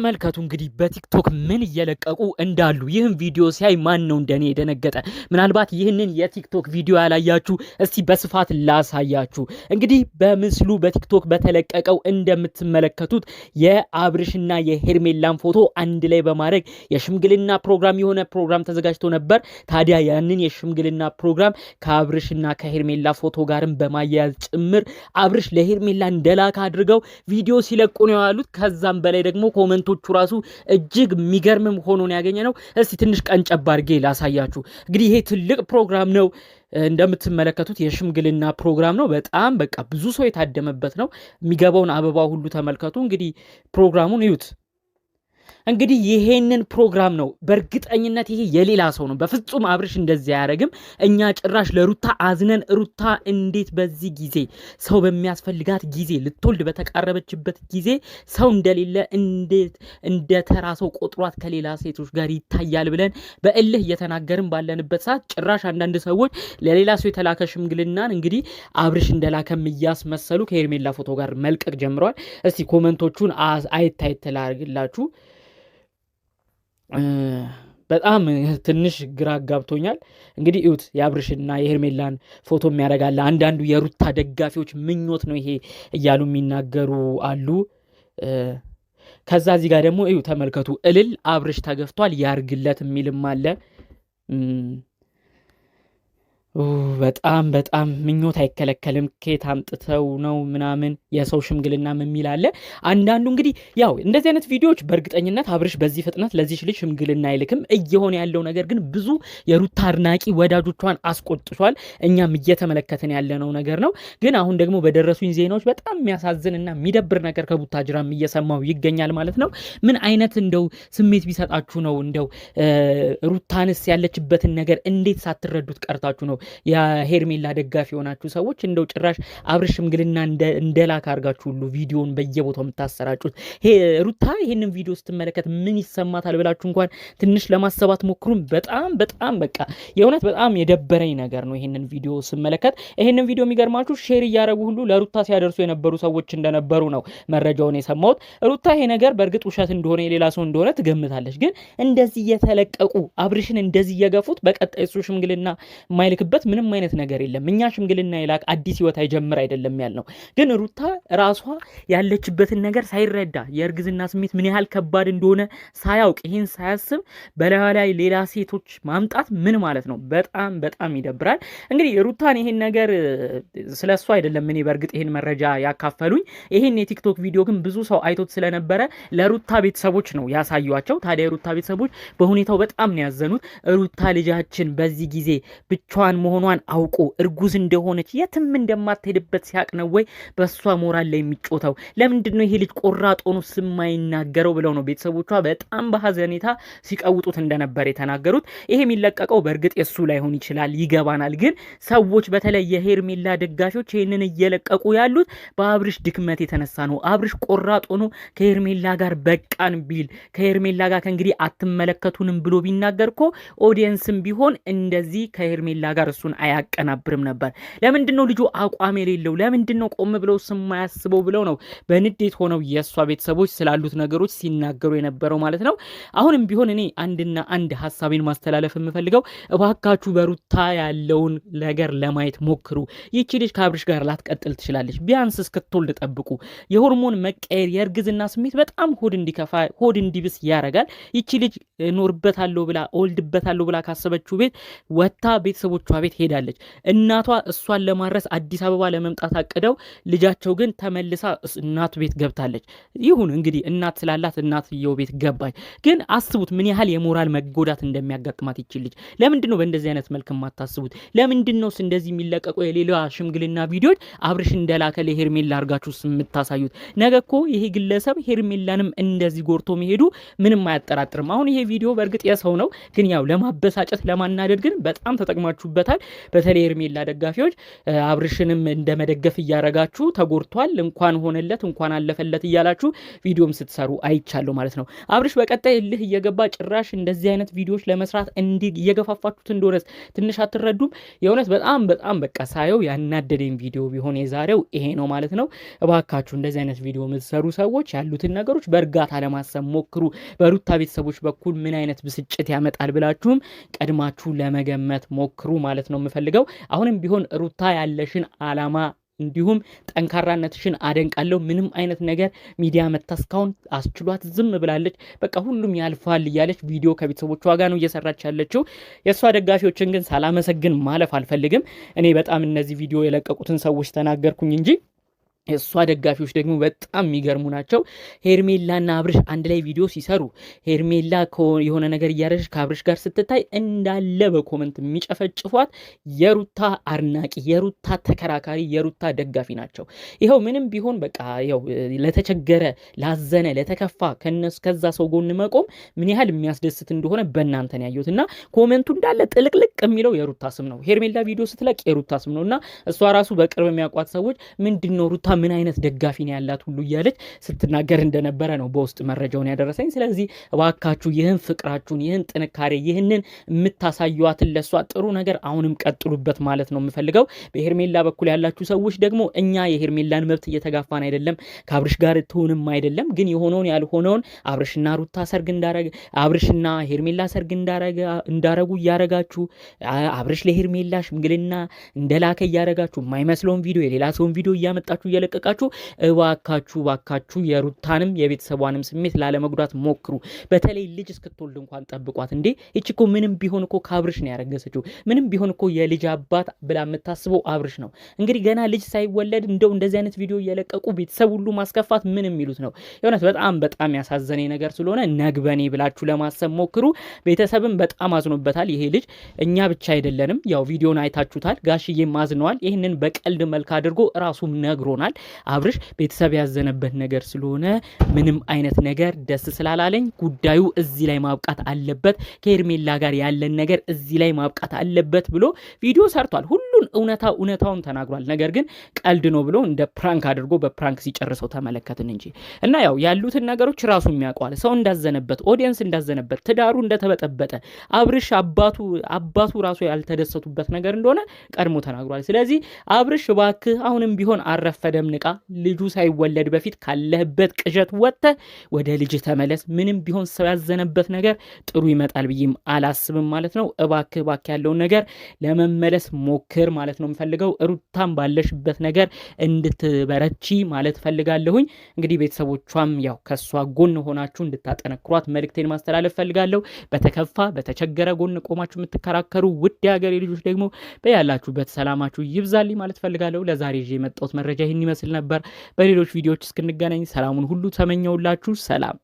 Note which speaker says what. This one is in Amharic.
Speaker 1: ተመልከቱ እንግዲህ በቲክቶክ ምን እየለቀቁ እንዳሉ። ይህን ቪዲዮ ሲያይ ማን ነው እንደኔ የደነገጠ? ምናልባት ይህንን የቲክቶክ ቪዲዮ ያላያችሁ እስቲ በስፋት ላሳያችሁ። እንግዲህ በምስሉ በቲክቶክ በተለቀቀው እንደምትመለከቱት የአብርሽና የሄርሜላን ፎቶ አንድ ላይ በማድረግ የሽምግልና ፕሮግራም የሆነ ፕሮግራም ተዘጋጅቶ ነበር። ታዲያ ያንን የሽምግልና ፕሮግራም ከአብርሽና ከሄርሜላ ፎቶ ጋርም በማያያዝ ጭምር አብርሽ ለሄርሜላ እንደላካ አድርገው ቪዲዮ ሲለቁ ነው ያሉት። ከዛም በላይ ደግሞ ኮመንቱ ሪፖርቶቹ ራሱ እጅግ የሚገርምም ሆኖን ያገኘ ነው። እስቲ ትንሽ ቀን ጨባርጌ ላሳያችሁ። እንግዲህ ይሄ ትልቅ ፕሮግራም ነው። እንደምትመለከቱት የሽምግልና ፕሮግራም ነው። በጣም በቃ ብዙ ሰው የታደመበት ነው። የሚገባውን አበባ ሁሉ ተመልከቱ። እንግዲህ ፕሮግራሙን እዩት። እንግዲህ ይሄንን ፕሮግራም ነው በእርግጠኝነት ይሄ የሌላ ሰው ነው። በፍጹም አብርሽ እንደዚህ አያደርግም። እኛ ጭራሽ ለሩታ አዝነን ሩታ እንዴት በዚህ ጊዜ ሰው በሚያስፈልጋት ጊዜ ልትወልድ በተቃረበችበት ጊዜ ሰው እንደሌለ እንዴት እንደ ተራ ሰው ቆጥሯት ከሌላ ሴቶች ጋር ይታያል ብለን በእልህ እየተናገርን ባለንበት ሰዓት ጭራሽ አንዳንድ ሰዎች ለሌላ ሰው የተላከ ሽምግልናን እንግዲህ አብርሽ እንደላከም እያስመሰሉ ከሄርሜላ ፎቶ ጋር መልቀቅ ጀምረዋል። እስቲ ኮመንቶቹን አይታይትላላችሁ በጣም ትንሽ ግራ ጋብቶኛል። እንግዲህ እዩት የአብርሽና የሄርሜላን ፎቶ የሚያደርጋለ አንዳንዱ የሩታ ደጋፊዎች ምኞት ነው ይሄ እያሉ የሚናገሩ አሉ። ከዛ እዚህ ጋር ደግሞ እዩ ተመልከቱ፣ እልል አብርሽ ተገፍቷል ያርግለት የሚልም አለ። በጣም በጣም ምኞት አይከለከልም። ከየት አምጥተው ነው ምናምን የሰው ሽምግልናም የሚል አለ። አንዳንዱ እንግዲህ ያው እንደዚህ አይነት ቪዲዮዎች በእርግጠኝነት አብርሽ በዚህ ፍጥነት ለዚች ልጅ ሽምግልና አይልክም። እየሆነ ያለው ነገር ግን ብዙ የሩታ አድናቂ ወዳጆቿን አስቆጥቷል። እኛም እየተመለከተን ያለነው ነገር ነው። ግን አሁን ደግሞ በደረሱኝ ዜናዎች በጣም የሚያሳዝን የሚደብር ነገር ከቡታጅራም እየሰማው ይገኛል ማለት ነው። ምን አይነት እንደው ስሜት ቢሰጣችሁ ነው እንደው ሩታንስ ያለችበትን ነገር እንዴት ሳትረዱት ቀርታችሁ ነው የሄርሜላ ደጋፊ የሆናችሁ ሰዎች እንደው ጭራሽ አብርሽ ሽምግልና እንደላክ አርጋችሁ ሁሉ ቪዲዮን በየቦታው የምታሰራጩት ሩታ ይህንን ቪዲዮ ስትመለከት ምን ይሰማታል ብላችሁ እንኳን ትንሽ ለማሰባት ሞክሩም በጣም በጣም በቃ የእውነት በጣም የደበረኝ ነገር ነው ይህንን ቪዲዮ ስመለከት። ይህንን ቪዲዮ የሚገርማችሁ ሼር እያደረጉ ሁሉ ለሩታ ሲያደርሱ የነበሩ ሰዎች እንደነበሩ ነው መረጃውን የሰማሁት። ሩታ ይሄ ነገር በእርግጥ ውሸት እንደሆነ የሌላ ሰው እንደሆነ ትገምታለች። ግን እንደዚህ እየተለቀቁ አብርሽን እንደዚህ እየገፉት በቀጣይ እሱ ሽምግልና ማይልክ የምንልበት ምንም አይነት ነገር የለም። እኛ ሽምግልና የላክ አዲስ ህይወት አይጀምር አይደለም ያልነው። ግን ሩታ ራሷ ያለችበትን ነገር ሳይረዳ የእርግዝና ስሜት ምን ያህል ከባድ እንደሆነ ሳያውቅ ይህን ሳያስብ በላዩ ላይ ሌላ ሴቶች ማምጣት ምን ማለት ነው? በጣም በጣም ይደብራል። እንግዲህ ሩታን ይህን ነገር ስለ እሱ አይደለም እኔ በእርግጥ ይህን መረጃ ያካፈሉኝ። ይህን የቲክቶክ ቪዲዮ ግን ብዙ ሰው አይቶት ስለነበረ ለሩታ ቤተሰቦች ነው ያሳዩቸው። ታዲያ የሩታ ቤተሰቦች በሁኔታው በጣም ነው ያዘኑት። ሩታ ልጃችን በዚህ ጊዜ ብቻዋን መሆኗን አውቆ እርጉዝ እንደሆነች የትም እንደማትሄድበት ሲያቅ ነው ወይ በእሷ ሞራል ላይ የሚጮተው? ለምንድን ነው ይሄ ልጅ ቆራጦኑ ስማይናገረው? ብለው ነው ቤተሰቦቿ በጣም በሀዘኔታ ሲቀውጡት እንደነበር የተናገሩት። ይሄ የሚለቀቀው በእርግጥ የእሱ ላይሆን ይችላል ይገባናል። ግን ሰዎች በተለይ የሄርሜላ ደጋፊዎች ይህንን እየለቀቁ ያሉት በአብርሽ ድክመት የተነሳ ነው። አብርሽ ቆራጦኑ ከሄርሜላ ጋር በቃን ቢል ከሄርሜላ ጋር ከእንግዲህ አትመለከቱንም ብሎ ቢናገር እኮ ኦዲየንስም ቢሆን እንደዚህ ከሄርሜላ ጋር እሱን አያቀናብርም ነበር። ለምንድን ነው ልጁ አቋም የሌለው? ለምንድን ነው ቆም ብለው ስማያስበው ብለው ነው በንዴት ሆነው የእሷ ቤተሰቦች ስላሉት ነገሮች ሲናገሩ የነበረው ማለት ነው። አሁንም ቢሆን እኔ አንድና አንድ ሀሳቤን ማስተላለፍ የምፈልገው እባካችሁ በሩታ ያለውን ነገር ለማየት ሞክሩ። ይቺ ልጅ ከአብርሽ ጋር ላትቀጥል ትችላለች። ቢያንስ እስክትወልድ ጠብቁ። የሆርሞን መቀየር የእርግዝና ስሜት በጣም ሆድ እንዲከፋ ሆድ እንዲብስ ያረጋል። ይቺ ልጅ እኖርበታለሁ ብላ እወልድበታለሁ ብላ ካሰበችው ቤት ወታ ቤተሰቦቿ ቤት ሄዳለች። እናቷ እሷን ለማድረስ አዲስ አበባ ለመምጣት አቅደው ልጃቸው ግን ተመልሳ እናቱ ቤት ገብታለች። ይሁን እንግዲህ እናት ስላላት እናትየው ቤት ገባች። ግን አስቡት ምን ያህል የሞራል መጎዳት እንደሚያጋጥማት ይችል ልጅ። ለምንድን ነው በእንደዚህ አይነት መልክ የማታስቡት? ለምንድን ነው እንደዚህ የሚለቀቁ የሌላ ሽምግልና ቪዲዮች አብርሽ እንደላከ ለሄርሜላ አርጋችሁ የምታሳዩት? ነገ እኮ ይሄ ግለሰብ ሄርሜላንም እንደዚህ ጎርቶ መሄዱ ምንም አያጠራጥርም። አሁን ይሄ ቪዲዮ በእርግጥ የሰው ነው፣ ግን ያው ለማበሳጨት ለማናደድ ግን በጣም ተጠቅማችሁበታል። ብለውታል። በተለይ ሄርሜላ ደጋፊዎች አብርሽንም እንደ መደገፍ እያረጋችሁ ተጎድቷል፣ እንኳን ሆነለት እንኳን አለፈለት እያላችሁ ቪዲዮም ስትሰሩ አይቻለሁ ማለት ነው። አብርሽ በቀጣይ እልህ እየገባ ጭራሽ እንደዚህ አይነት ቪዲዮዎች ለመስራት እንዲ እየገፋፋችሁት እንደሆነ ትንሽ አትረዱም? የእውነት በጣም በጣም በቃ ሳየው ያናደደኝ ቪዲዮ ቢሆን የዛሬው ይሄ ነው ማለት ነው። እባካችሁ እንደዚህ አይነት ቪዲዮ የምትሰሩ ሰዎች ያሉትን ነገሮች በእርጋታ ለማሰብ ሞክሩ። በሩታ ቤተሰቦች በኩል ምን አይነት ብስጭት ያመጣል ብላችሁም ቀድማችሁ ለመገመት ሞክሩ ማለት ማለት ነው የምፈልገው። አሁንም ቢሆን ሩታ ያለሽን አላማ እንዲሁም ጠንካራነትሽን አደንቃለሁ። ምንም አይነት ነገር ሚዲያ መታ እስካሁን አስችሏት ዝም ብላለች። በቃ ሁሉም ያልፋል እያለች ቪዲዮ ከቤተሰቦቿ ጋር ነው እየሰራች ያለችው። የእሷ ደጋፊዎችን ግን ሳላመሰግን ማለፍ አልፈልግም። እኔ በጣም እነዚህ ቪዲዮ የለቀቁትን ሰዎች ተናገርኩኝ እንጂ የእሷ ደጋፊዎች ደግሞ በጣም የሚገርሙ ናቸው። ሄርሜላና አብርሽ አንድ ላይ ቪዲዮ ሲሰሩ ሄርሜላ የሆነ ነገር እያደረገች ከአብርሽ ጋር ስትታይ እንዳለ በኮመንት የሚጨፈጭፏት የሩታ አድናቂ፣ የሩታ ተከራካሪ፣ የሩታ ደጋፊ ናቸው። ይኸው ምንም ቢሆን በቃ ይኸው ለተቸገረ፣ ላዘነ፣ ለተከፋ ከነሱ ከዛ ሰው ጎን መቆም ምን ያህል የሚያስደስት እንደሆነ በእናንተን ያየሁት እና ኮመንቱ እንዳለ ጥልቅልቅ የሚለው የሩታ ስም ነው። ሄርሜላ ቪዲዮ ስትለቅ የሩታ ስም ነው እና እሷ ራሱ በቅርብ የሚያውቋት ሰዎች ምንድን ነው ሩታ ምን አይነት ደጋፊ ነው ያላት ሁሉ እያለች ስትናገር እንደነበረ ነው በውስጥ መረጃውን ያደረሰኝ። ስለዚህ እባካችሁ ይህን ፍቅራችሁን፣ ይህን ጥንካሬ፣ ይህንን የምታሳዩዋትን ለሷ ጥሩ ነገር አሁንም ቀጥሉበት ማለት ነው የምፈልገው። በሄርሜላ በኩል ያላችሁ ሰዎች ደግሞ እኛ የሄርሜላን መብት እየተጋፋን አይደለም፣ ከአብርሽ ጋር ትሁንም አይደለም። ግን የሆነውን ያልሆነውን አብርሽና ሩታ ሰርግ እንዳረገ አብርሽና ሄርሜላ ሰርግ እንዳረጉ እያረጋችሁ አብርሽ ለሄርሜላ ሽምግልና እንደላከ እያረጋችሁ የማይመስለውን ቪዲዮ የሌላ ሰውን ቪዲዮ እያመጣችሁ እየለቀቃችሁ እባካችሁ ባካችሁ የሩታንም የቤተሰቧንም ስሜት ላለመጉዳት ሞክሩ። በተለይ ልጅ እስክትወልድ እንኳን ጠብቋት። እንዴ ይቺ እኮ ምንም ቢሆን እኮ ከአብርሽ ነው ያረገሰችው። ምንም ቢሆን እኮ የልጅ አባት ብላ የምታስበው አብርሽ ነው። እንግዲህ ገና ልጅ ሳይወለድ እንደው እንደዚህ አይነት ቪዲዮ እየለቀቁ ቤተሰብ ሁሉ ማስከፋት ምን የሚሉት ነው? የእውነት በጣም በጣም ያሳዘነኝ ነገር ስለሆነ ነግበኔ ብላችሁ ለማሰብ ሞክሩ። ቤተሰብም በጣም አዝኖበታል ይሄ ልጅ። እኛ ብቻ አይደለንም። ያው ቪዲዮን አይታችሁታል። ጋሽዬም አዝነዋል። ይህንን በቀልድ መልክ አድርጎ ራሱም ነግሮናል። ይሆናል። አብርሽ ቤተሰብ ያዘነበት ነገር ስለሆነ ምንም አይነት ነገር ደስ ስላላለኝ ጉዳዩ እዚህ ላይ ማብቃት አለበት፣ ከሄርሜላ ጋር ያለን ነገር እዚህ ላይ ማብቃት አለበት ብሎ ቪዲዮ ሰርቷል። ሁሉን እውነታ እውነታውን ተናግሯል። ነገር ግን ቀልድ ነው ብሎ እንደ ፕራንክ አድርጎ በፕራንክ ሲጨርሰው ተመለከትን እንጂ እና ያው ያሉትን ነገሮች ራሱ የሚያውቀዋል። ሰው እንዳዘነበት፣ ኦዲየንስ እንዳዘነበት፣ ትዳሩ እንደተበጠበጠ አብርሽ አባቱ አባቱ ራሱ ያልተደሰቱበት ነገር እንደሆነ ቀድሞ ተናግሯል። ስለዚህ አብርሽ እባክህ አሁንም ቢሆን አረፈደ በደም ንቃ። ልጁ ሳይወለድ በፊት ካለህበት ቅዠት ወጥተህ ወደ ልጅ ተመለስ። ምንም ቢሆን ሰው ያዘነበት ነገር ጥሩ ይመጣል ብዬም አላስብም ማለት ነው። እባክህ እባክህ ያለውን ነገር ለመመለስ ሞክር ማለት ነው የምፈልገው። ሩታም ባለሽበት ነገር እንድትበረቺ ማለት ፈልጋለሁኝ። እንግዲህ ቤተሰቦቿም ያው ከእሷ ጎን ሆናችሁ እንድታጠነክሯት መልእክቴን ማስተላለፍ ፈልጋለሁ። በተከፋ በተቸገረ ጎን ቆማችሁ የምትከራከሩ ውድ የሀገሬ ልጆች ደግሞ በያላችሁበት ሰላማችሁ ይብዛልኝ ማለት ፈልጋለሁ። ለዛሬ ይዤ የመጣሁት መረጃ ይህን ይመስል ነበር። በሌሎች ቪዲዮዎች እስክንገናኝ ሰላሙን ሁሉ ተመኘውላችሁ። ሰላም